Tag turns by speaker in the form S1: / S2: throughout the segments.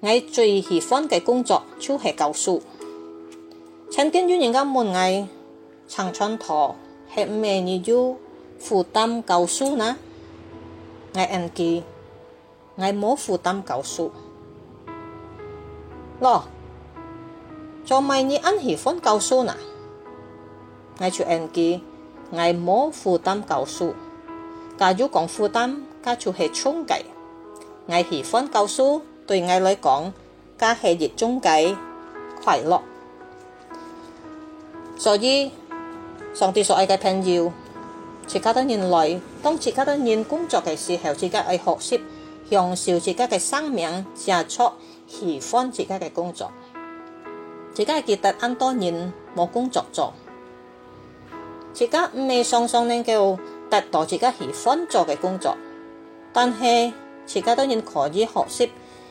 S1: 我最喜歡嘅工作就係教書。曾經有人家問我，陳春桃係咩你要負擔教書呢？我話，我冇負擔教書。咯，做咩你咁喜歡教書呢？我就話，我冇負擔教書。假如講負擔，就係充嘅。我喜歡教書。對我嚟講，家係熱衷嘅快樂。所以，上帝所愛嘅朋友，自家多年來，當自家多年工作嘅時候，自家係學識，享受自家嘅生命，作出喜歡自家嘅工作。自家其實很多人冇工作做，自家唔係常常能夠得到自家喜歡做嘅工作，但係自家當然可以學識。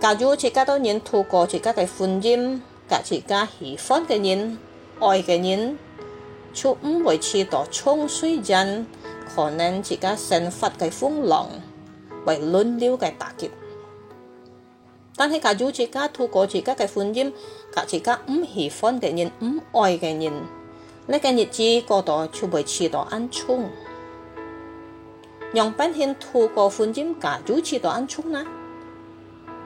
S1: 假如自家多人透過自家嘅婚姻，同自家喜歡嘅人、愛嘅人，就唔會受到沖水人可能自家善法嘅風浪，會亂流嘅打擊。但係假如自家透過自家嘅婚姻，同自家唔喜歡嘅人、唔愛嘅人，呢個日子過到就會受到暗沖。讓百姓透過婚姻，假如受到暗沖呢？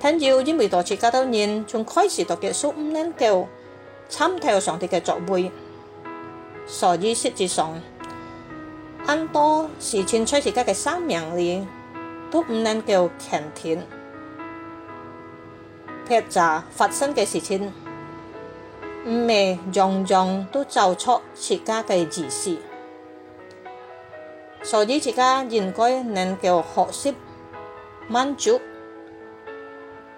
S1: 聽朝因為多次家多人從開始到結束唔能夠參透上帝嘅作為，所以實際上很多事情喺自家嘅生命裏都唔能夠肯定。撇下發生嘅事情唔咪樣樣都做出自家嘅意思，所以自家應該能夠學習滿足。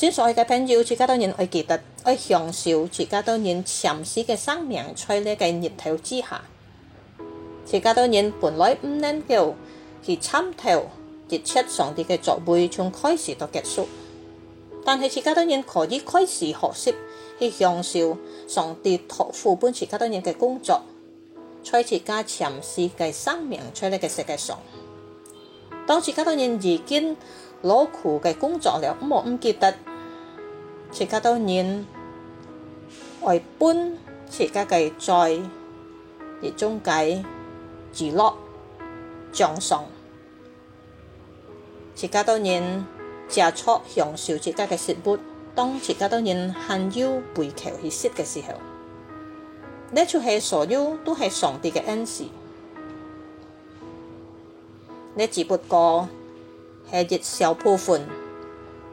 S1: 之所以嘅朋友，而家多人會記得，要享受自家多年沉思嘅生命在呢個熱頭之下。自家多年本來唔能夠去參透，去吃上帝嘅作為，從開始到結束。但係自家多人可以開始學識去享受上帝託付俾而家多年嘅工作，在而家沉思嘅生命在呢個世界上。當自家多年已經攞苦嘅工作了，我唔記得。自家多人外搬，自家嘅再熱中介住落、裝修，自家多人食出享受自家嘅食物。當自家多人汗流浹背去食嘅時候，呢就係所有都係上帝嘅恩賜，你只不過係一小部分。